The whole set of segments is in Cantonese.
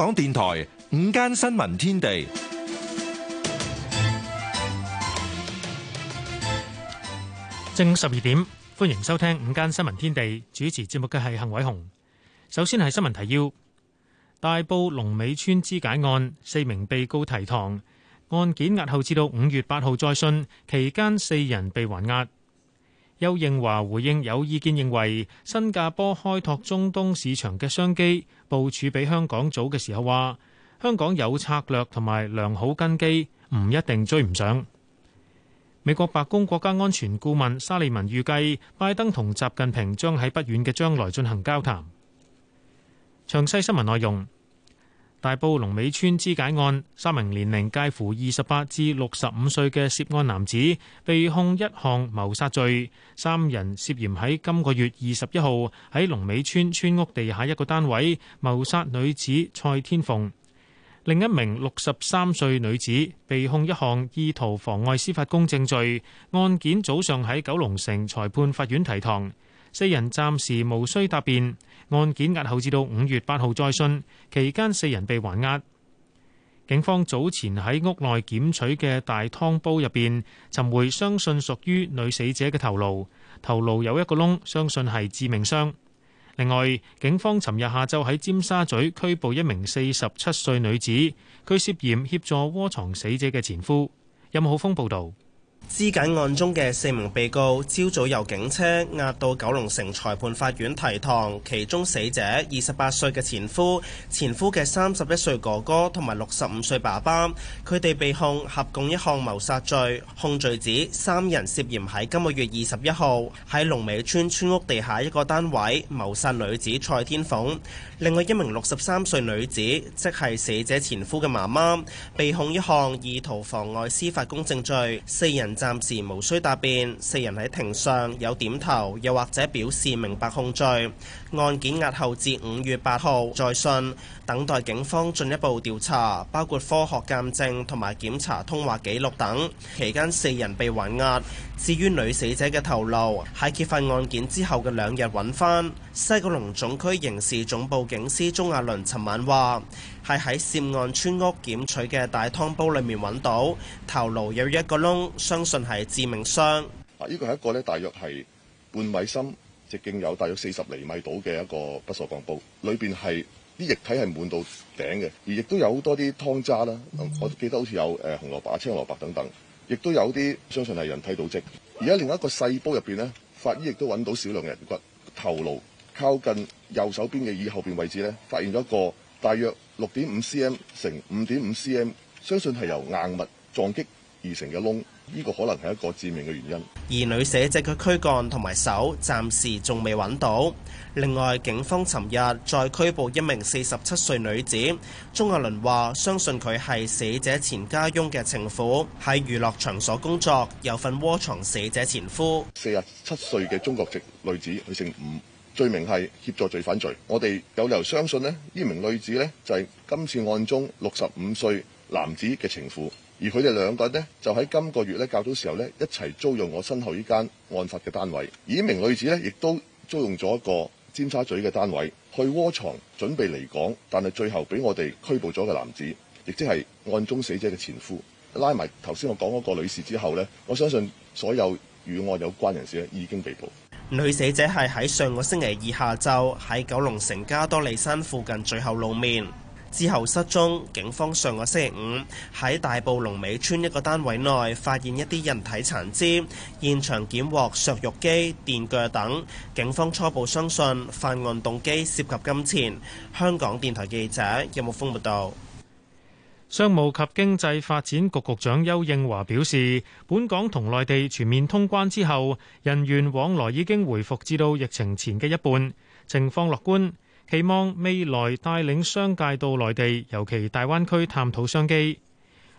港電台午間新聞天地，正十二點，歡迎收聽午間新聞天地。主持節目嘅係幸偉雄。首先係新聞提要：大埔龍尾村肢解案，四名被告提堂，案件押後至到五月八號再訊，期間四人被還押。邱應華回應有意見認為，新加坡開拓中東市場嘅商機。部署俾香港早嘅時候，話香港有策略同埋良好根基，唔一定追唔上。美國白宮國家安全顧問沙利文預計，拜登同習近平將喺不遠嘅將來進行交談。詳細新聞內容。大埔龍尾村肢解案，三名年齡介乎二十八至六十五歲嘅涉案男子被控一項謀殺罪，三人涉嫌喺今個月二十一號喺龍尾村村屋地下一個單位謀殺女子蔡天鳳。另一名六十三歲女子被控一項意圖妨礙司法公正罪。案件早上喺九龍城裁判法院提堂，四人暫時無需答辯。案件押後至到五月八號再訊，期間四人被還押。警方早前喺屋內檢取嘅大湯煲入邊尋回相信屬於女死者嘅頭顱，頭顱有一個窿，相信係致命傷。另外，警方尋日下晝喺尖沙咀拘捕一名四十七歲女子，佢涉嫌協助窩藏死者嘅前夫。任浩峰報道。肢解案中嘅四名被告，朝早由警車押到九龍城裁判法院提堂。其中死者二十八歲嘅前夫、前夫嘅三十一歲哥哥同埋六十五歲爸爸，佢哋被控合共一項謀殺罪，控罪指三人涉嫌喺今個月二十一號喺龍尾村村屋地下一個單位謀殺女子蔡天鳳。另外一名六十三歲女子，即係死者前夫嘅媽媽，被控一項意圖妨礙司法公正罪。四人暫時無需答辯，四人喺庭上有點頭，又或者表示明白控罪。案件押後至五月八號再訊，等待警方進一步調查，包括科學鑑證同埋檢查通話記錄等。期間四人被還押。至於女死者嘅頭顱喺揭發案件之後嘅兩日揾翻，西九龍總區刑事總部警司鍾亞倫尋晚話。係喺涉案村屋檢取嘅大湯煲裏面揾到頭顱有一個窿，相信係致命傷。啊！呢個係一個咧，大約係半米深，直徑有大約四十厘米到嘅一個不鏽鋼煲，裏邊係啲液體係滿到頂嘅，而亦都有好多啲湯渣啦。Mm hmm. 我記得好似有誒紅蘿蔔、青蘿蔔等等，亦都有啲相信係人體組織。而家另一個細煲入邊呢，法醫亦都揾到少量嘅人骨，頭顱靠近右手邊嘅耳後邊位置咧，發現咗一個。大約六點五 cm 乘五點五 cm，相信係由硬物撞擊而成嘅窿，呢、呢個可能係一個致命嘅原因。而女死者嘅軀幹同埋手暫時仲未揾到。另外，警方尋日再拘捕一名四十七歲女子，鍾亞倫話相信佢係死者前家翁嘅情婦，喺娛樂場所工作，有份窩藏死者前夫。四十七歲嘅中國籍女子，佢姓吳。罪名係協助罪犯罪，我哋有理由相信咧，呢名女子呢，就係、是、今次案中六十五歲男子嘅情婦，而佢哋兩個人呢，就喺今個月呢，較早時候呢，一齊租用我身後呢間案發嘅單位，而呢名女子呢，亦都租用咗一個尖沙咀嘅單位去窩藏準備離港，但係最後俾我哋拘捕咗嘅男子，亦即係案中死者嘅前夫。拉埋頭先我講嗰個女士之後呢，我相信所有與案有關人士咧已經被捕。女死者係喺上個星期二下晝喺九龍城加多利山附近最後露面，之後失蹤，警方上個星期五喺大埔龍尾村一個單位內發現一啲人體殘肢，現場檢獲削肉機電鋸等。警方初步相信犯案動機涉及金錢，香港電台記者任木峰報道。有商務及經濟發展局局長邱應華表示，本港同內地全面通關之後，人員往來已經回復至到疫情前嘅一半，情況樂觀。期望未來帶領商界到內地，尤其大灣區探討商機。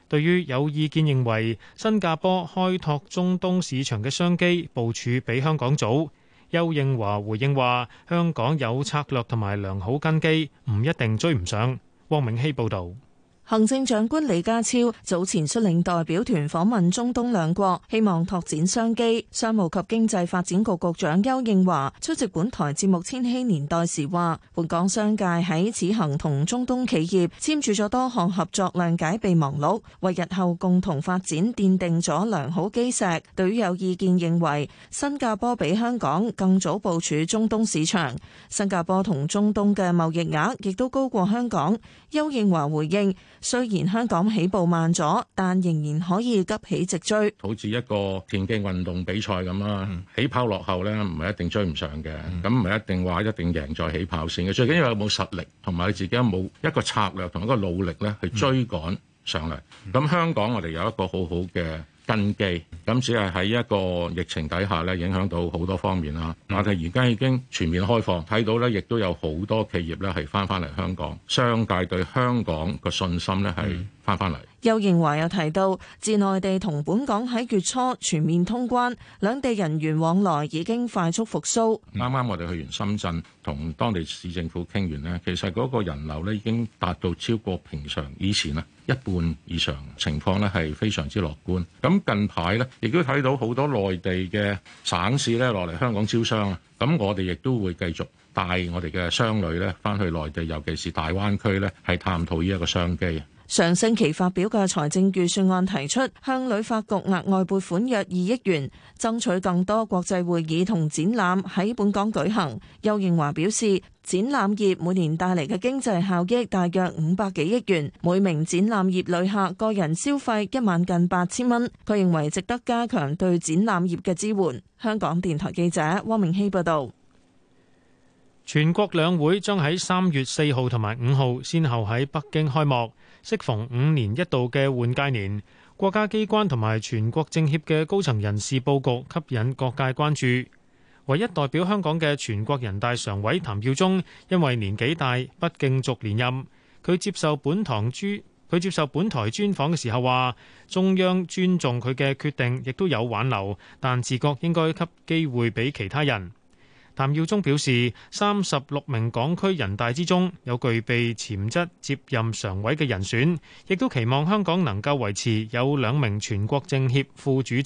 對於有意見認為新加坡開拓中東市場嘅商機部署比香港早，邱應華回應話：「香港有策略同埋良好根基，唔一定追唔上。」汪明希報道。行政長官李家超早前率領代表團訪問中東兩國，希望拓展商機。商務及經濟發展局局長邱應華出席本台節目《千禧年代》時話：本港商界喺此行同中東企業簽署咗多項合作諒解備忘錄，為日後共同發展奠定咗良好基石。對於有意見認為新加坡比香港更早部署中東市場，新加坡同中東嘅貿易額亦都高過香港。邱應華回應：雖然香港起步慢咗，但仍然可以急起直追。好似一個田徑運動比賽咁啦，mm. 起跑落後咧，唔係一定追唔上嘅。咁唔係一定話一定贏在起跑線嘅。最緊要有冇實力，同埋自己有冇一個策略，同一個努力咧去追趕上嚟。咁、mm. 香港我哋有一個好好嘅。根基咁只係喺一個疫情底下咧，影響到好多方面啦。我哋而家已經全面開放，睇到咧，亦都有好多企業咧係翻翻嚟香港，商界對香港個信心咧係，嗯翻翻嚟，邱賢華又提到，自內地同本港喺月初全面通關，兩地人員往來已經快速復蘇。啱啱、嗯、我哋去完深圳同當地市政府傾完咧，其實嗰個人流咧已經達到超過平常以前啦，一半以上情況咧係非常之樂觀。咁近排咧，亦都睇到好多內地嘅省市咧落嚟香港招商啊。咁我哋亦都會繼續帶我哋嘅商旅咧，翻去內地，尤其是大灣區咧，係探討呢一個商機。上星期發表嘅財政預算案提出，向旅發局額外撥款約二億元，爭取更多國際會議同展覽喺本港舉行。邱應華表示，展覽業每年帶嚟嘅經濟效益大約五百幾億元，每名展覽業旅客個人消費一萬近八千蚊。佢認為值得加強對展覽業嘅支援。香港電台記者汪明希報道。全國兩會將喺三月四號同埋五號，先後喺北京開幕。適逢五年一度嘅換屆年，國家機關同埋全國政協嘅高層人事布局，吸引各界關注。唯一代表香港嘅全國人大常委譚耀宗，因為年紀大，不競逐連任。佢接受本堂專佢接受本台專訪嘅時候話，中央尊重佢嘅決定，亦都有挽留，但自覺應該給機會俾其他人。譚耀宗表示，三十六名港區人大之中有具備潛質接任常委嘅人選，亦都期望香港能夠維持有兩名全國政協副主席。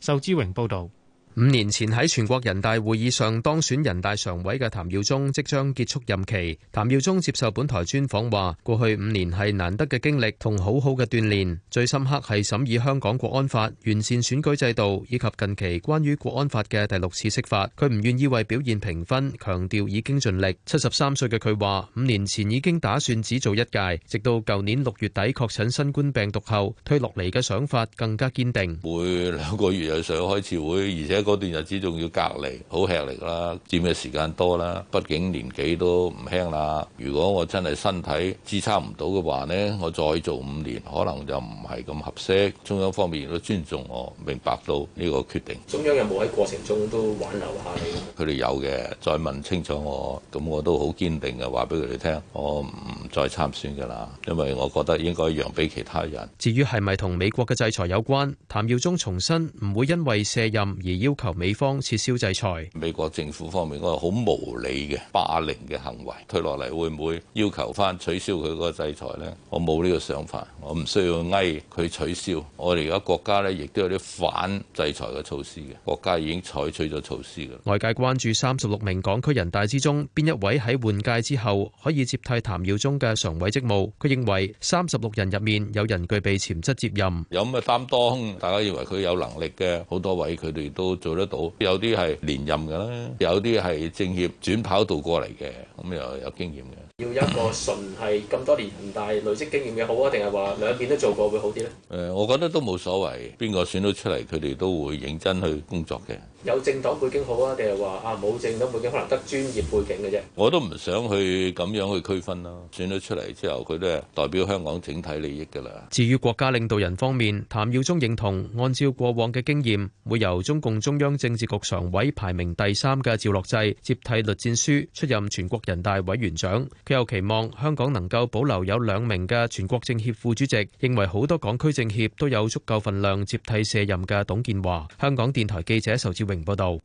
壽志榮報道。五年前喺全國人大會議上當選人大常委嘅譚耀宗即將結束任期。譚耀宗接受本台專訪話：過去五年係難得嘅經歷同好好嘅鍛煉，最深刻係審議香港國安法、完善選舉制度以及近期關於國安法嘅第六次釋法。佢唔願意為表現評分，強調已經盡力。七十三歲嘅佢話：五年前已經打算只做一屆，直到舊年六月底確診新冠病毒後，退落嚟嘅想法更加堅定。每兩個月又想開次會，而且。嗰段日子仲要隔離好吃力啦，佔嘅時間多啦。畢竟年紀都唔輕啦。如果我真係身體支撐唔到嘅話咧，我再做五年可能就唔係咁合適。中央方面都尊重我，明白到呢個決定。中央有冇喺過程中都挽留下你？佢哋有嘅，再問清楚我，咁我都好堅定嘅話俾佢哋聽，我唔再參選噶啦。因為我覺得應該讓俾其他人。至於係咪同美國嘅制裁有關？譚耀宗重申唔會因為卸任而要。要求美方撤銷制裁，美國政府方面嗰個好無理嘅霸凌嘅行為，退落嚟會唔會要求翻取消佢嗰個制裁呢？我冇呢個想法，我唔需要嗌佢取消。我哋而家國家呢，亦都有啲反制裁嘅措施嘅，國家已經採取咗措施。外界關注三十六名港區人大之中，邊一位喺換屆之後可以接替譚耀宗嘅常委職務？佢認為三十六人入面有人具備潛質接任，有咩嘅擔當，大家認為佢有能力嘅好多位，佢哋都做得到，有啲係連任嘅啦，有啲係政協轉跑道過嚟嘅，咁又有經驗嘅。要一個純係咁多年人大累積經驗嘅好啊，定係話兩邊都做過會好啲呢？誒，我覺得都冇所謂，邊個選到出嚟，佢哋都會認真去工作嘅。有政黨背景好啊，定係話啊冇政黨背景，可能得專業背景嘅啫。我都唔想去咁樣去區分咯，啊。選到出嚟之後，佢都係代表香港整體利益㗎啦。至於國家領導人方面，譚耀宗認同，按照過往嘅經驗，會由中共中央政治局常委排名第三嘅趙樂際接替栗戰書，出任全國人大委，委員長。又期望香港能夠保留有兩名嘅全國政協副主席，認為好多港區政協都有足夠份量接替卸任嘅董建華。香港電台記者仇志榮報道。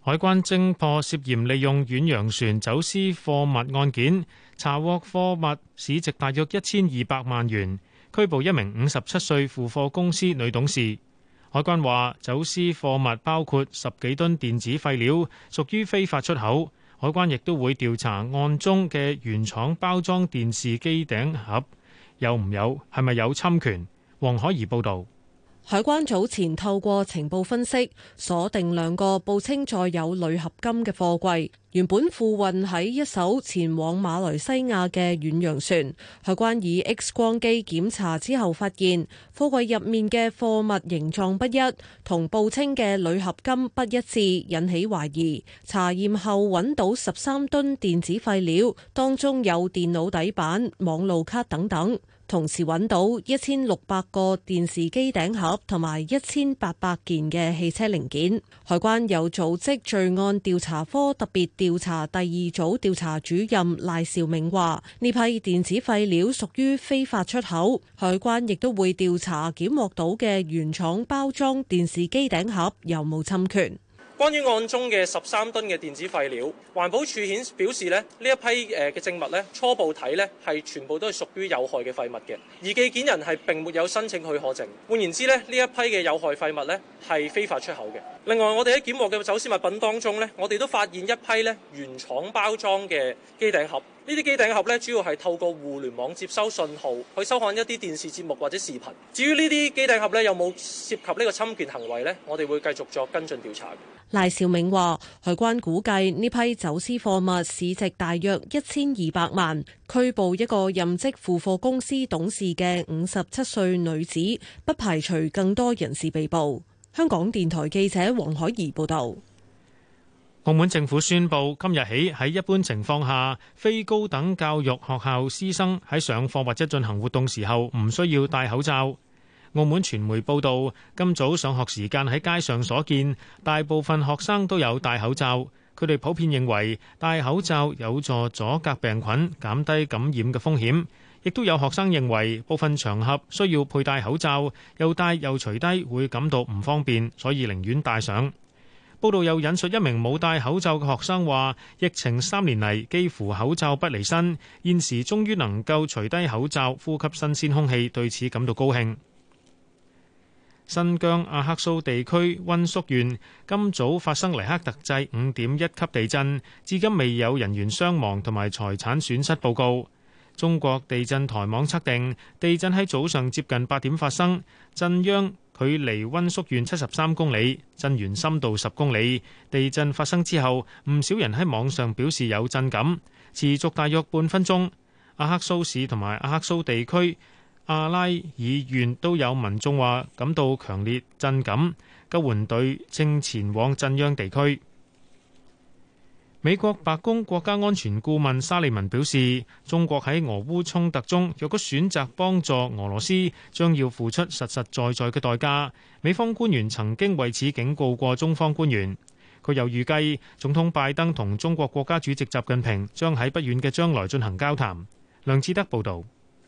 海關偵破涉嫌利用遠洋船走私貨物案件，查獲貨物市值大約一千二百萬元，拘捕一名五十七歲付貨公司女董事。海關話，走私貨物包括十幾噸電子廢料，屬於非法出口。海關亦都會調查案中嘅原廠包裝電視機頂盒有唔有，係咪有侵權？黃海怡報導。海關早前透過情報分析，鎖定兩個報稱載有鋁合金嘅貨櫃，原本附運喺一艘前往馬來西亞嘅遠洋船。海關以 X 光機檢查之後，發現貨櫃入面嘅貨物形狀不一，同報稱嘅鋁合金不一致，引起懷疑。查驗後揾到十三噸電子廢料，當中有電腦底板、網路卡等等。同時揾到一千六百個電視機頂盒同埋一千八百件嘅汽車零件。海關有組織罪案調查科特別調查第二組調查主任賴兆銘話，呢批電子廢料屬於非法出口。海關亦都會調查檢獲到嘅原廠包裝電視機頂盒有冇侵權。關於案中嘅十三噸嘅電子廢料，環保署顯表示咧，呢一批誒嘅證物咧，初步睇咧係全部都係屬於有害嘅廢物嘅，而寄件人係並沒有申請許可證。換言之咧，呢一批嘅有害廢物咧係非法出口嘅。另外，我哋喺檢獲嘅走私物品當中咧，我哋都發現一批咧原廠包裝嘅機頂盒。呢啲機頂盒咧，主要係透過互聯網接收信號，去收看一啲電視節目或者視頻。至於呢啲機頂盒咧，有冇涉及呢個侵權行為咧？我哋會繼續作跟進調查。賴兆銘話，海關估計呢批走私貨物市值大約一千二百萬，拘捕一個任職付貨公司董事嘅五十七歲女子，不排除更多人士被捕。香港電台記者黃海怡報道。澳門政府宣佈，今日起喺一般情況下，非高等教育學校師生喺上課或者進行活動時候唔需要戴口罩。澳門傳媒報道，今早上學時間喺街上所見，大部分學生都有戴口罩。佢哋普遍認為戴口罩有助阻隔病菌，減低感染嘅風險。亦都有學生認為，部分場合需要佩戴口罩，又戴又除低會感到唔方便，所以寧願戴上。報道又引述一名冇戴口罩嘅學生話，疫情三年嚟幾乎口罩不離身，現時終於能夠除低口罩，呼吸新鮮空氣，對此感到高興。新疆阿克蘇地區温宿縣今早發生黎克特制五點一級地震，至今未有人員傷亡同埋財產損失報告。中國地震台網測定，地震喺早上接近八點發生，震央距離溫宿縣七十三公里，震源深度十公里。地震發生之後，唔少人喺網上表示有震感，持續大約半分鐘。阿克蘇市同埋阿克蘇地區、阿拉爾縣都有民眾話感到強烈震感，救援隊正前往震央地區。美國白宮國家安全顧問沙利文表示，中國喺俄烏衝突中若果選擇幫助俄羅斯，將要付出實實在在嘅代價。美方官員曾經為此警告過中方官員。佢又預計，總統拜登同中國國家主席習近平將喺不遠嘅將來進行交談。梁志德報道。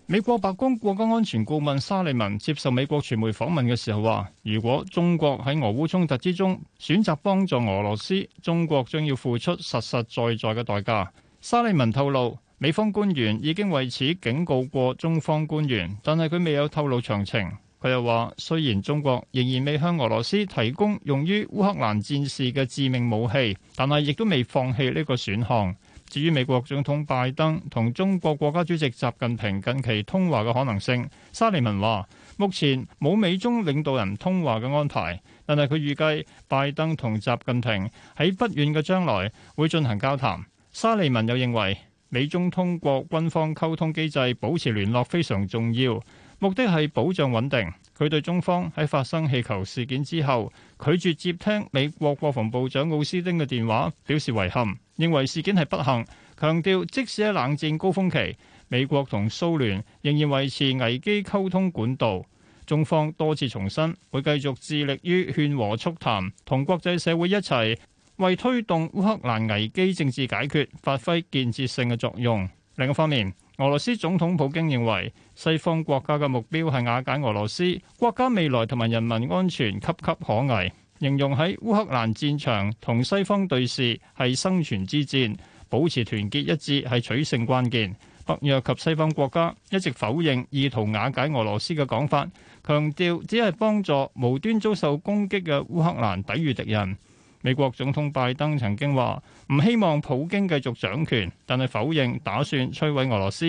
美國白宮國家安全顧問沙利文接受美國傳媒訪問嘅時候話，如果中國喺俄烏衝突之中選擇幫助俄羅斯，中國將要付出實實在在嘅代價。沙利文透露，美方官員已經為此警告過中方官員，但係佢未有透露詳情。佢又話，雖然中國仍然未向俄羅斯提供用於烏克蘭戰事嘅致命武器，但係亦都未放棄呢個選項。至於美國總統拜登同中國國家主席習近平近期通話嘅可能性，沙利文話：目前冇美中領導人通話嘅安排，但係佢預計拜登同習近平喺不遠嘅將來會進行交談。沙利文又認為，美中通過軍方溝通機制保持聯絡非常重要，目的係保障穩定。佢對中方喺發生氣球事件之後拒絕接聽美國國防部長奧斯丁嘅電話表示遺憾，認為事件係不幸，強調即使喺冷戰高峰期，美國同蘇聯仍然維持危機溝通管道。中方多次重申會繼續致力於勸和促談，同國際社會一齊為推動烏克蘭危機政治解決發揮建設性嘅作用。另一方面，俄羅斯總統普京認為西方國家嘅目標係瓦解俄羅斯國家，未來同埋人民安全岌岌可危，形容喺烏克蘭戰場同西方對峙係生存之戰，保持團結一致係取勝關鍵。北約及西方國家一直否認意圖瓦解俄羅斯嘅講法，強調只係幫助無端遭受攻擊嘅烏克蘭抵御敵人。美國總統拜登曾經話唔希望普京繼續掌權，但係否認打算摧毀俄羅斯。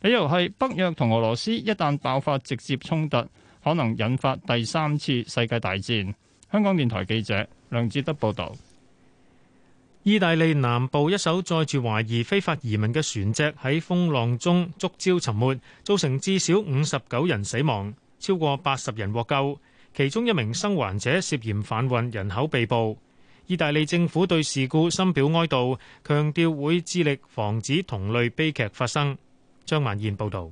理由係北約同俄羅斯一旦爆發直接衝突，可能引發第三次世界大戰。香港電台記者梁志德報道。意大利南部一艘載住懷疑非法移民嘅船隻喺風浪中觸礁沉沒，造成至少五十九人死亡，超過八十人獲救，其中一名生還者涉嫌販運人口被捕。意大利政府對事故深表哀悼，強調會致力防止同類悲劇發生。張文燕報道：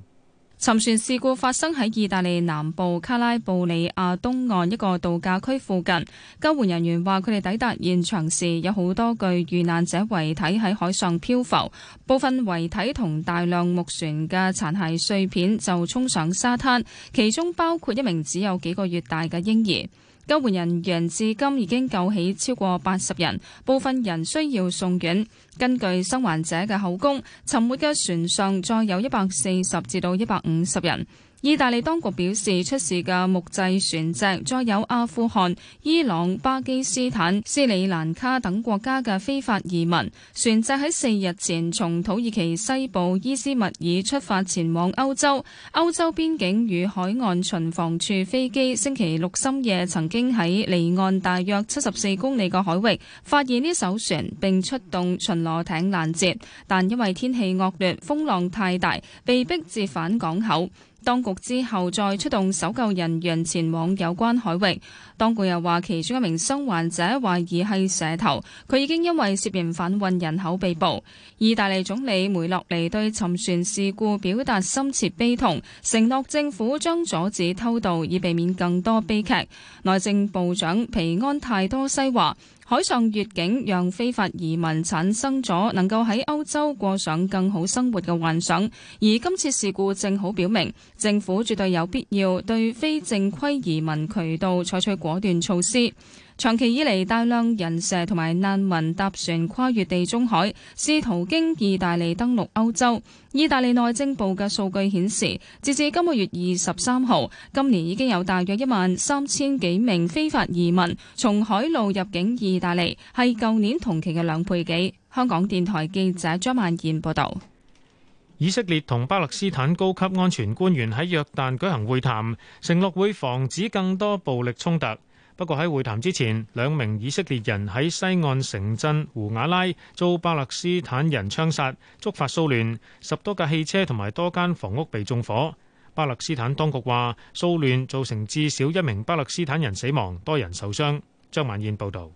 沉船事故發生喺意大利南部卡拉布里亞東岸一個度假區附近。救援人員話，佢哋抵達現場時，有好多具遇難者遺體喺海上漂浮，部分遺體同大量木船嘅殘骸碎片就衝上沙灘，其中包括一名只有幾個月大嘅嬰兒。救援人員至今已經救起超過八十人，部分人需要送院。根據生還者嘅口供，沉沒嘅船上再有一百四十至到一百五十人。意大利當局表示，出事嘅木製船隻載有阿富汗、伊朗、巴基斯坦、斯里蘭卡等國家嘅非法移民。船隻喺四日前從土耳其西部伊斯密爾出發，前往歐洲。歐洲邊境與海岸巡防處飛機星期六深夜曾經喺離岸大約七十四公里嘅海域發現呢艘船，並出動巡邏艇攔截，但因為天氣惡劣，風浪太大，被逼折返港口。當局之後再出動搜救人員前往有關海域。當局又話，其中一名生還者懷疑係蛇頭，佢已經因為涉嫌販運人口被捕。意大利總理梅洛尼對沉船事故表達深切悲痛，承諾政府將阻止偷渡，以避免更多悲劇。內政部長皮安泰多西話，海上越境，讓非法移民產生咗能夠喺歐洲過上更好生活嘅幻想，而今次事故正好表明，政府絕對有必要對非正規移民渠道採取果斷措施。長期以嚟，大量人蛇同埋難民搭船跨越地中海，試圖經意大利登陸歐洲。意大利內政部嘅數據顯示，截至今個月二十三號，今年已經有大約一萬三千幾名非法移民從海路入境意大利，係舊年同期嘅兩倍幾。香港電台記者張萬燕報導。以色列同巴勒斯坦高級安全官員喺約旦舉行會談，承諾會防止更多暴力衝突。不過喺會談之前，兩名以色列人喺西岸城鎮胡瓦拉遭巴勒斯坦人槍殺，觸發騷亂，十多架汽車同埋多間房屋被縱火。巴勒斯坦當局話，騷亂造成至少一名巴勒斯坦人死亡，多人受傷。張曼燕報導。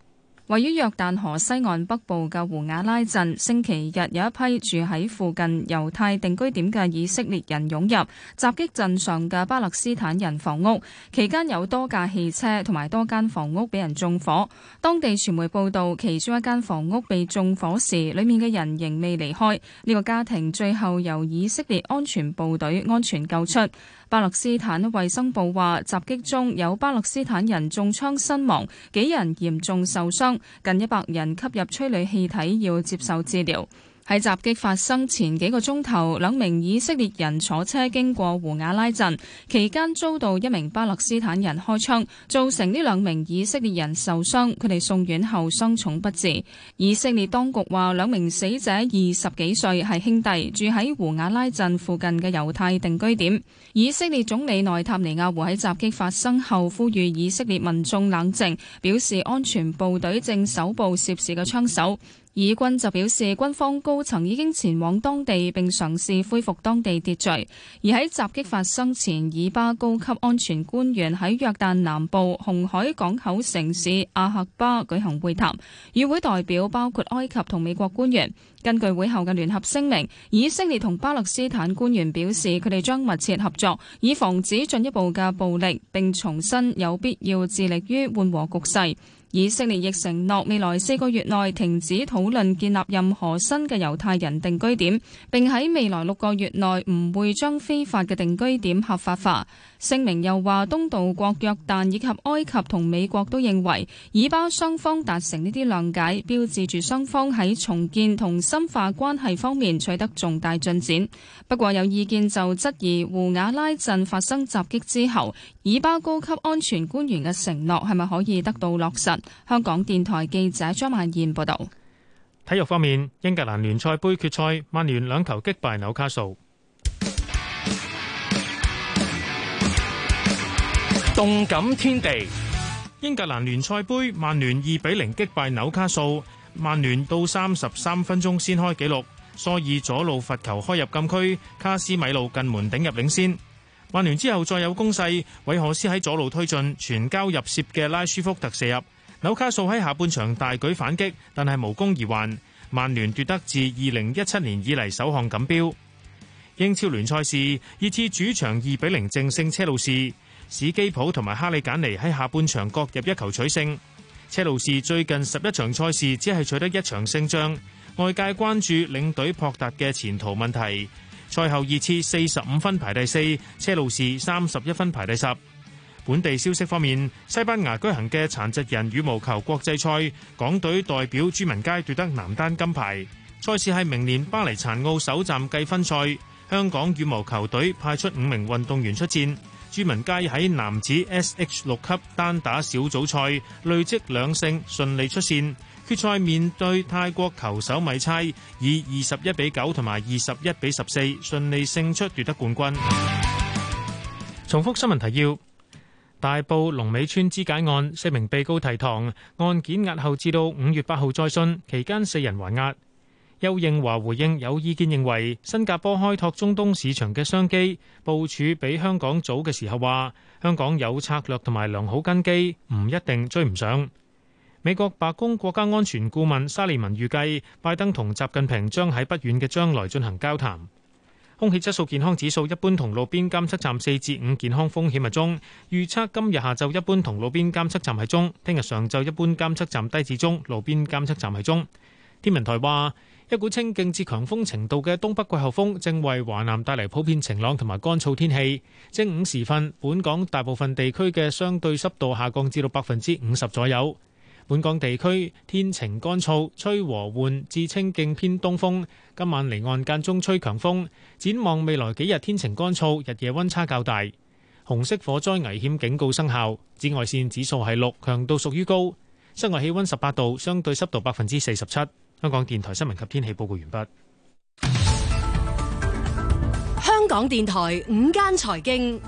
位於約旦河西岸北部嘅胡瓦拉鎮，星期日有一批住喺附近猶太定居點嘅以色列人湧入，襲擊鎮上嘅巴勒斯坦人房屋。期間有多架汽車同埋多間房屋俾人縱火。當地傳媒報道，其中一間房屋被縱火時，裏面嘅人仍未離開。呢個家庭最後由以色列安全部隊安全救出。巴勒斯坦衛生部話，襲擊中有巴勒斯坦人中槍身亡，幾人嚴重受傷，近一百人吸入催淚氣體，要接受治療。喺襲擊發生前幾個鐘頭，兩名以色列人坐車經過胡雅拉鎮，期間遭到一名巴勒斯坦人開槍，造成呢兩名以色列人受傷。佢哋送院後傷重不治。以色列當局話，兩名死者二十幾歲，係兄弟，住喺胡雅拉鎮附近嘅猶太定居點。以色列總理內塔尼亞胡喺襲擊發生後呼籲以色列民眾冷靜，表示安全部隊正搜捕涉事嘅槍手。以軍就表示，軍方高層已經前往當地並嘗試恢復當地秩序。而喺襲擊發生前，以巴高級安全官員喺約旦南部紅海港口城市阿克巴舉行會談，與會代表包括埃及同美國官員。根據會後嘅聯合聲明，以色列同巴勒斯坦官員表示，佢哋將密切合作，以防止進一步嘅暴力，並重申有必要致力於緩和局勢。以色列亦承諾未來四個月內停止討論建立任何新嘅猶太人定居點，並喺未來六個月內唔會將非法嘅定居點合法化。聲明又話，東道國約旦以及埃及同美國都認為，以巴雙方達成呢啲諒解，標誌住雙方喺重建同深化關係方面取得重大進展。不過有意見就質疑胡瓦拉鎮發生襲擊之後，以巴高級安全官員嘅承諾係咪可以得到落實？香港電台記者張曼燕報導。體育方面，英格蘭聯賽杯決賽，曼聯兩球擊敗紐卡素。動感天地，英格蘭聯賽杯，曼聯二比零擊敗紐卡素。曼聯到三十三分鐘先開紀錄，所以左路罰球開入禁區，卡斯米路近門頂入領先。曼聯之後再有攻勢，韋可斯喺左路推進，全交入射嘅拉舒福特射入。紐卡素喺下半場大舉反擊，但係無功而還。曼聯奪得自二零一七年以嚟首項錦標。英超聯賽事，熱刺主場二比零正勝車路士。史基普同埋哈利簡尼喺下半場各入一球取勝。車路士最近十一場賽事只係取得一場勝仗，外界關注領隊撲達嘅前途問題。賽後熱刺四十五分排第四，車路士三十一分排第十。本地消息方面，西班牙舉行嘅殘疾人羽毛球國際賽，港隊代表朱文佳奪得男單金牌。賽事係明年巴黎殘奧首站計分賽，香港羽毛球隊派出五名運動員出戰。朱文佳喺男子 SH 六級單打小組賽累積兩勝，順利出線。決賽，面對泰國球手米猜，以二十一比九同埋二十一比十四順利勝出，奪得冠軍。重複新聞提要：大埔龍尾村肢解案，四名被告提堂，案件押後至到五月八號再訊，期間四人還押。邱應華回應有意見認為新加坡開拓中東市場嘅商機部署比香港早嘅時候，話香港有策略同埋良好根基，唔一定追唔上。美國白宮國家安全顧問沙利文預計，拜登同習近平將喺不遠嘅將來進行交談。空氣質素健康指數一般同路邊監測站四至五健康風險係中，預測今日下晝一般同路邊監測站係中，聽日上晝一般監測站低至中，路邊監測站係中。天文台話。一股清勁至強風程度嘅東北季候風，正為華南帶嚟普遍晴朗同埋乾燥天氣。正午時分，本港大部分地區嘅相對濕度下降至到百分之五十左右。本港地區天晴乾燥，吹和緩至清勁偏東風。今晚離岸間中吹強風。展望未來幾日天晴乾燥，日夜温差較大。紅色火災危險警告生效，紫外線指數係六，強度屬於高。室外氣温十八度，相對濕度百分之四十七。香港電台新聞及天氣報告完畢。香港電台午間財經，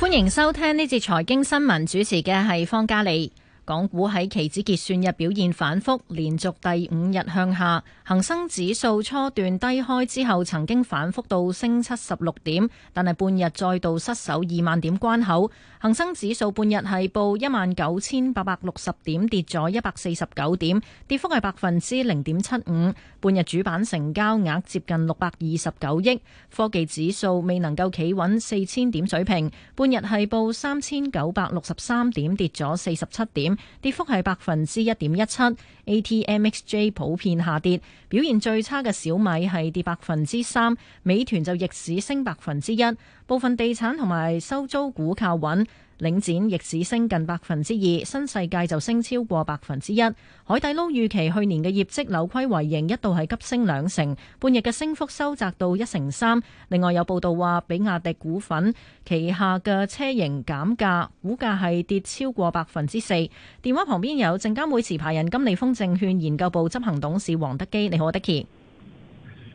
歡迎收聽呢節財經新聞，主持嘅係方嘉莉。港股喺期指結算日表現反覆，連續第五日向下。恒生指數初段低開之後曾經反覆到升七十六點，但係半日再度失守二萬點關口。恒生指數半日係報一萬九千八百六十點，跌咗一百四十九點，跌幅係百分之零點七五。半日主板成交額接近六百二十九億。科技指數未能夠企穩四千點水平，半日係報三千九百六十三點，跌咗四十七點。跌幅係百分之一點一七，A T M X J 普遍下跌，表現最差嘅小米係跌百分之三，美團就逆市升百分之一，部分地產同埋收租股靠穩。領展亦只升近百分之二，新世界就升超過百分之一。海底撈預期去年嘅業績扭虧為盈，一度係急升兩成，半日嘅升幅收窄到一成三。另外有報道話，比亞迪股份旗下嘅車型減價，股價係跌超過百分之四。電話旁邊有證監會持牌人金利豐證券研究部執行董事黃德基，你好，Dicky。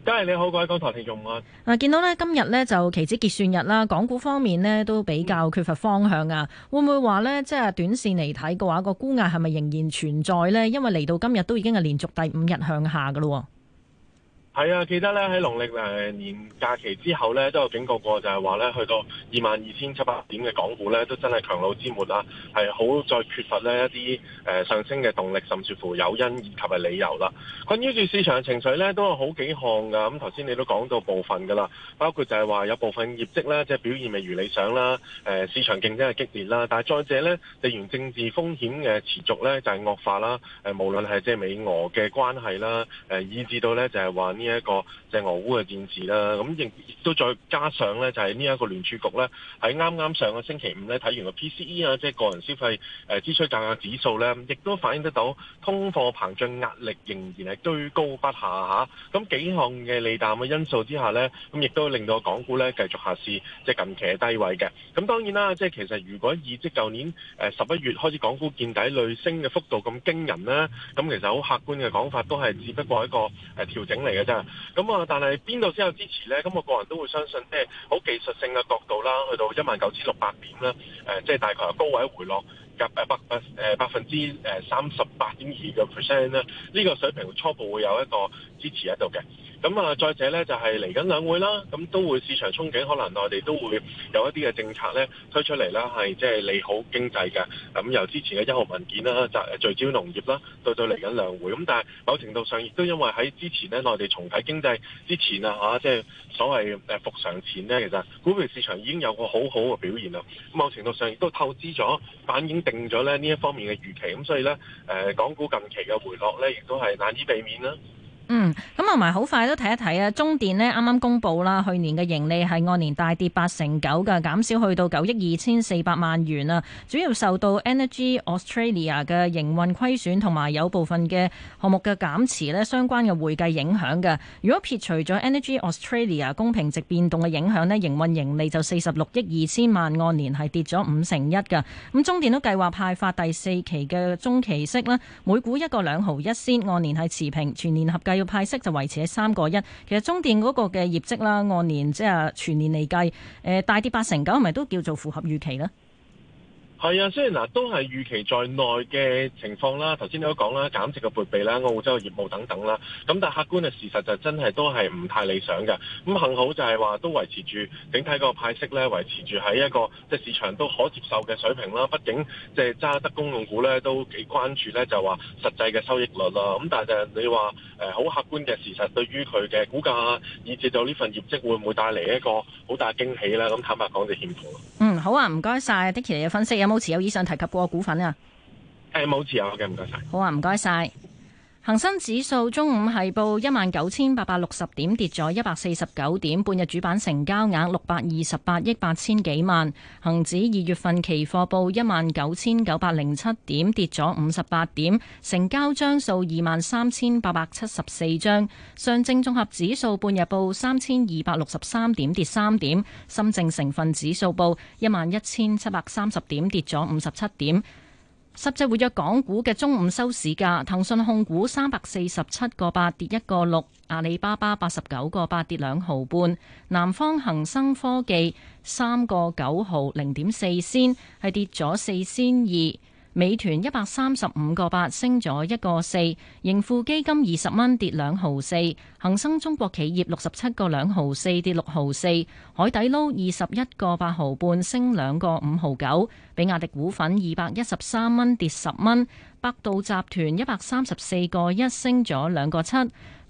大家你好，各位港台聽眾啊！嗱，見到咧今日咧就期指結算日啦，港股方面咧都比較缺乏方向啊。會唔會話咧即係短線嚟睇嘅話，個沽壓係咪仍然存在咧？因為嚟到今日都已經係連續第五日向下噶啦。係啊，記得咧喺農曆誒年假期之後咧，都有警告過，就係話咧去到二萬二千七百點嘅港股咧，都真係強弩之末啦，係好再缺乏呢一啲誒上升嘅動力，甚至乎有因以及嘅理由啦。困擾住市場情緒咧，都係好幾項㗎。咁頭先你都講到部分㗎啦，包括就係話有部分業績咧，即係表現未如理想啦，誒市場競爭係激烈啦。但係再者咧，地緣政治風險嘅持續咧就係、是、惡化啦，誒無論係即係美俄嘅關係啦，誒以至到咧就係話呢一個即係俄烏嘅戰事啦，咁亦都再加上咧，就係呢一個聯儲局咧，喺啱啱上個星期五咧睇完個 PCE 啊，即係個人消費誒支出價格指數咧，亦都反映得到通貨膨脹壓力仍然係居高不下吓。咁、啊、幾項嘅利淡嘅因素之下咧，咁亦都令到港股咧繼續下試，即係近期嘅低位嘅。咁當然啦，即係其實如果以即係舊年誒十一月開始港股見底累升嘅幅度咁驚人咧，咁其實好客觀嘅講法都係只不過係一個誒調整嚟嘅。咁啊，但係邊度先有支持咧？咁我個人都會相信，即係好技術性嘅角度啦，去到一萬九千六百點啦。誒，即係大概係高位回落，夾誒百百誒百分之誒三十八點二個 percent 啦。呢個水平初步會有一個支持喺度嘅。咁啊，再者咧就係嚟緊兩會啦，咁都會市場憧憬，可能內地都會有一啲嘅政策咧推出嚟啦，係即係利好經濟嘅。咁由之前嘅一號文件啦，就聚焦農業啦，到到嚟緊兩會，咁但係某程度上亦都因為喺之前咧內地重啟經濟之前啊嚇，即係所謂誒復常前呢，其實股票市場已經有個好好嘅表現啦。某程度上亦都透支咗，反映定咗咧呢一方面嘅預期，咁所以咧誒港股近期嘅回落咧，亦都係難以避免啦。嗯，咁同埋好快都睇一睇啊！中電呢啱啱公布啦，去年嘅盈利係按年大跌八成九嘅，減少去到九億二千四百萬元啊！主要受到 Energy Australia 嘅營運虧損同埋有部分嘅項目嘅減持咧相關嘅會計影響嘅。如果撇除咗 Energy Australia 公平值變動嘅影響呢，營運盈利就四十六億二千萬，按年係跌咗五成一嘅。咁中電都計劃派發第四期嘅中期息啦，每股一個兩毫一仙，按年係持平，全年合計。派息就維持喺三個一，其實中電嗰個嘅業績啦，按年即係全年嚟計，誒、呃、大跌八成九，係咪都叫做符合預期咧？係啊，雖然嗱都係預期在內嘅情況啦，頭先你都講啦，減值嘅撥備啦，澳洲嘅業務等等啦，咁但係客觀嘅事實就真係都係唔太理想嘅。咁幸好就係話都維持住整體個派息咧，維持住喺一個即係市場都可接受嘅水平啦。畢竟即係揸得公用股咧，都幾關注咧，就話實際嘅收益率啦。咁但係你話誒好客觀嘅事實，對於佢嘅股價以至到呢份業績會唔會帶嚟一個好大嘅驚喜咧？咁坦白講就欠妥。嗯，好啊，唔該晒。Dicky 嘅分析。冇持有以上提及過嘅股份啊？誒，冇持有嘅，唔該晒。好啊，唔該晒。恒生指數中午係報一萬九千八百六十點，跌咗一百四十九點。半日主板成交額六百二十八億八千幾萬。恒指二月份期貨報一萬九千九百零七點，跌咗五十八點，成交張數二萬三千八百七十四張。上證綜合指數半日報三千二百六十三點，跌三點。深證成分指數報一萬一千七百三十點，跌咗五十七點。十隻活躍港股嘅中午收市價，騰訊控股三百四十七個八跌一個六，阿里巴巴八十九個八跌兩毫半，南方恒生科技三個九毫零點四仙係跌咗四仙二。美團一百三十五個八升咗一個四，盈富基金二十蚊跌兩毫四，恒生中國企業六十七個兩毫四跌六毫四，海底撈二十一個八毫半升兩個五毫九，比亞迪股份二百一十三蚊跌十蚊，百度集團一百三十四個一升咗兩個七，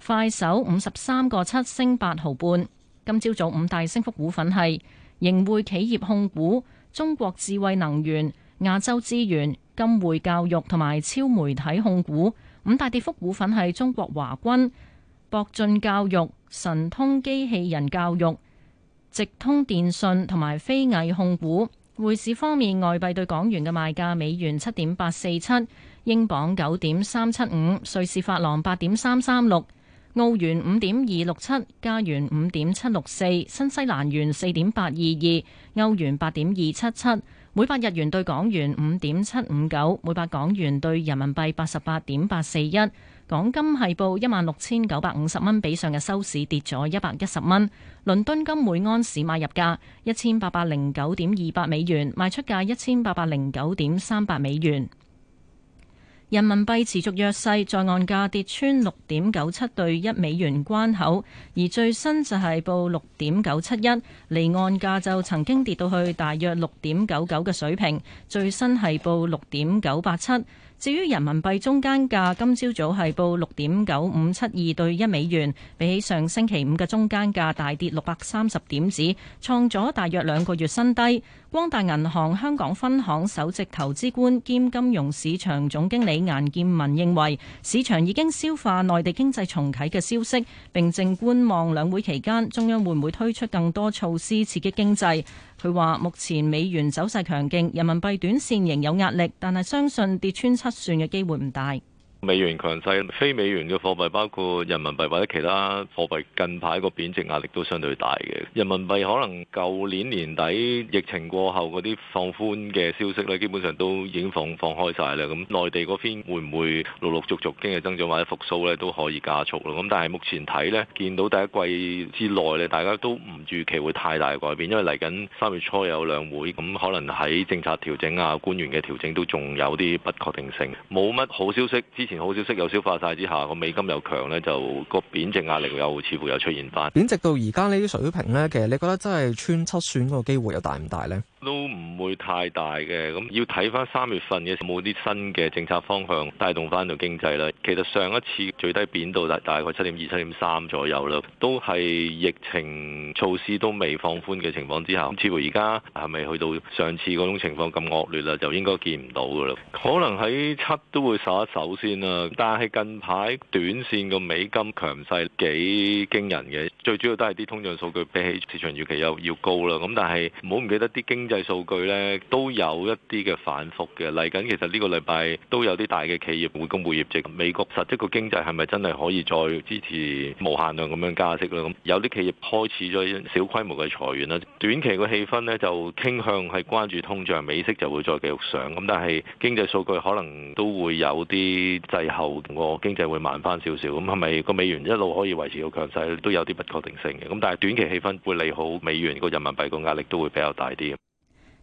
快手五十三個七升八毫半。今朝早五大升幅股份係盈匯企業控股、中國智慧能源。亞洲資源、金匯教育同埋超媒體控股。五大跌幅股份係中國華軍、博進教育、神通機器人教育、直通電信同埋飛藝控股。匯市方面，外幣對港元嘅賣價：美元七點八四七，英鎊九點三七五，瑞士法郎八點三三六，澳元五點二六七，加元五點七六四，新西蘭元四點八二二，歐元八點二七七。每百日元兌港元五點七五九，每百港元兌人民幣八十八點八四一。港金係報一萬六千九百五十蚊，比上嘅收市跌咗一百一十蚊。倫敦金每安士買入價一千八百零九點二百美元，賣出價一千八百零九點三百美元。人民幣持續弱勢，在岸價跌，跌穿六點九七對一美元關口，而最新就係報六點九七一。離岸價就曾經跌到去大約六點九九嘅水平，最新係報六點九八七。至於人民幣中間價，今朝早係報六點九五七二對一美元，比起上星期五嘅中間價大跌六百三十點子，創咗大約兩個月新低。光大銀行香港分行首席投資官兼金融市場總經理顏建文認為，市場已經消化內地經濟重啟嘅消息，並正觀望兩會期間中央會唔會推出更多措施刺激經濟。佢話目前美元走勢強勁，人民幣短線仍有壓力，但係相信跌穿七算嘅機會唔大。美元強勢，非美元嘅貨幣，包括人民幣或者其他貨幣，近排個貶值壓力都相對大嘅。人民幣可能舊年年底疫情過後嗰啲放寬嘅消息咧，基本上都已經放放開晒啦。咁內地嗰邊會唔會陸陸續續經濟增長或者復蘇咧，都可以加速咯。咁但係目前睇咧，見到第一季之內咧，大家都唔預期會太大改變，因為嚟緊三月初有兩會，咁可能喺政策調整啊、官員嘅調整都仲有啲不確定性，冇乜好消息支。之前好消息又消化晒之下，個美金又強咧，就個貶值壓力又似乎又出現翻。貶值到而家呢啲水平咧，其實你覺得真係穿七算嘅機會又大唔大咧？都唔會太大嘅，咁要睇翻三月份嘅有冇啲新嘅政策方向帶動翻到經濟啦。其實上一次最低貶到大大概七點二、七點三左右啦，都係疫情措施都未放寬嘅情況之下。似乎而家係咪去到上次嗰種情況咁惡劣啦，就應該見唔到噶啦。可能喺七都會耍一手先。啊！但係近排短線個美金強勢幾驚人嘅，最主要都係啲通脹數據比起市場預期又要高啦。咁但係唔好唔記得啲經濟數據呢都有一啲嘅反覆嘅。嚟緊其實呢個禮拜都有啲大嘅企業會公布業績。美國實質個經濟係咪真係可以再支持無限量咁樣加息啦？咁有啲企業開始咗小規模嘅裁員啦。短期個氣氛呢就傾向係關注通脹，美息就會再繼續上。咁但係經濟數據可能都會有啲。滯後個經濟會慢翻少少，咁係咪個美元一路可以維持到強勢都有啲不確定性嘅？咁但係短期氣氛會利好美元，個人民幣個壓力都會比較大啲。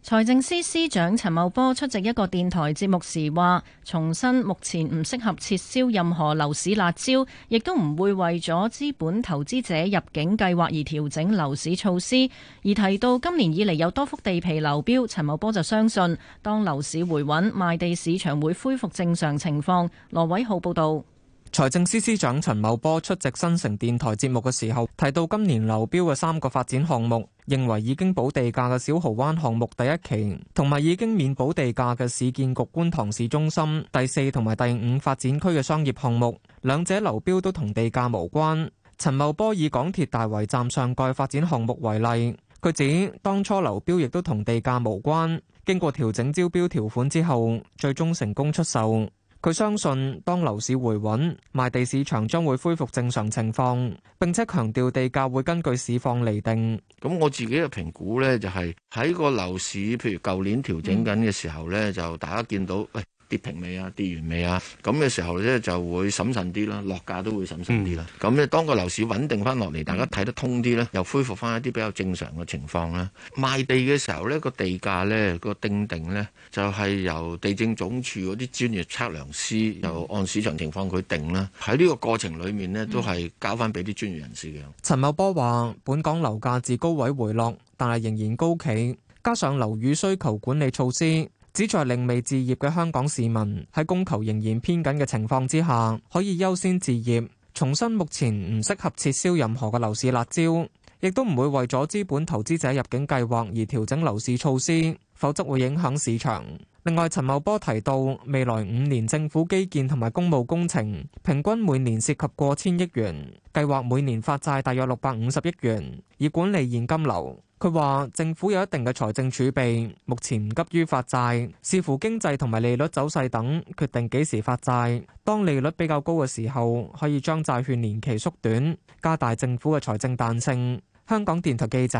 財政司司長陳茂波出席一個電台節目時話，重申目前唔適合撤銷任何樓市辣招，亦都唔會為咗資本投資者入境計劃而調整樓市措施。而提到今年以嚟有多幅地皮流標，陳茂波就相信，當樓市回穩，賣地市場會恢復正常情況。羅偉浩報道。財政司司長陳茂波出席新城電台節目嘅時候，提到今年流標嘅三個發展項目，認為已經補地價嘅小濠灣項目第一期，同埋已經免補地價嘅市建局觀塘市中心第四同埋第五發展區嘅商業項目，兩者流標都同地價無關。陳茂波以港鐵大圍站上蓋發展項目為例，佢指當初流標亦都同地價無關，經過調整招標條款之後，最終成功出售。佢相信，當樓市回穩，賣地市場將會恢復正常情況。並且強調地價會根據市況嚟定。咁我自己嘅評估呢，就係、是、喺個樓市，譬如舊年調整緊嘅時候呢，就大家見到，喂、哎。跌平未啊？跌完未啊？咁嘅時候咧，就會審慎啲啦，落價都會審慎啲啦。咁咧、嗯，當個樓市穩定翻落嚟，大家睇得通啲咧，又恢復翻一啲比較正常嘅情況啦。賣地嘅時候咧，個地價咧個定定咧，就係由地政總署嗰啲專業測量師，又按市場情況佢定啦。喺呢個過程裏面咧，都係交翻俾啲專業人士嘅。陳、嗯、茂波話，嗯、本港樓價自高位回落，但係仍然高企，加上樓宇需求管理措施。只在另未置業嘅香港市民喺供求仍然偏緊嘅情況之下，可以優先置業。重申目前唔適合撤銷任何嘅樓市辣招，亦都唔會為咗資本投資者入境計劃而調整樓市措施，否則會影響市場。另外，陳茂波提到，未來五年政府基建同埋公務工程平均每年涉及過千億元，計劃每年發債大約六百五十億元，以管理現金流。佢話：政府有一定嘅財政儲備，目前唔急於發債，視乎經濟同埋利率走勢等，決定幾時發債。當利率比較高嘅時候，可以將債券年期縮短，加大政府嘅財政彈性。香港電台記者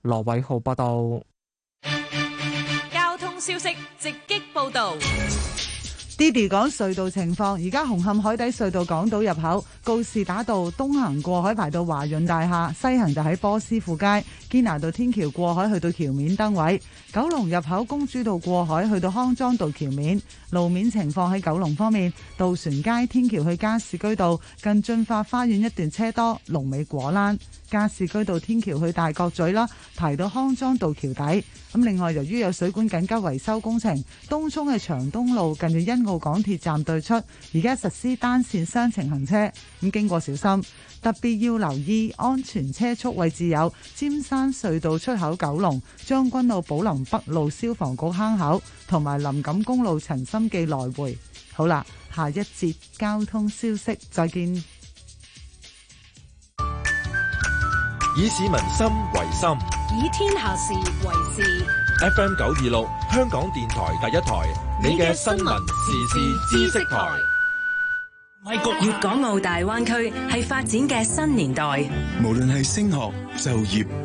羅偉浩報道。交通消息直擊報道。哋講隧道情況，而家紅磡海底隧道港島入口告士打道東行過海排到華潤大廈，西行就喺波斯富街堅拿道天橋過海去到橋面燈位。九龍入口公主道過海去到康莊道橋面路面情況喺九龍方面，渡船街天橋去加士居道近駿發花園一段車多，龍尾果欄。加士居道天橋去大角咀啦，排到康莊道橋底。咁另外，由於有水管緊急維修工程，東涌嘅長東路近住欣澳港鐵站對出，而家實施單線雙程行車，咁經過小心，特別要留意安全車速位置有尖山隧道出口、九龍將軍澳、寶林北路消防局坑口同埋林錦公路陳心記來回。好啦，下一節交通消息，再見。以市民心為心。以天下事為事。FM 九二六，香港電台第一台，你嘅新聞時事知識台。粵港澳大灣區係發展嘅新年代。無論係升學、就業。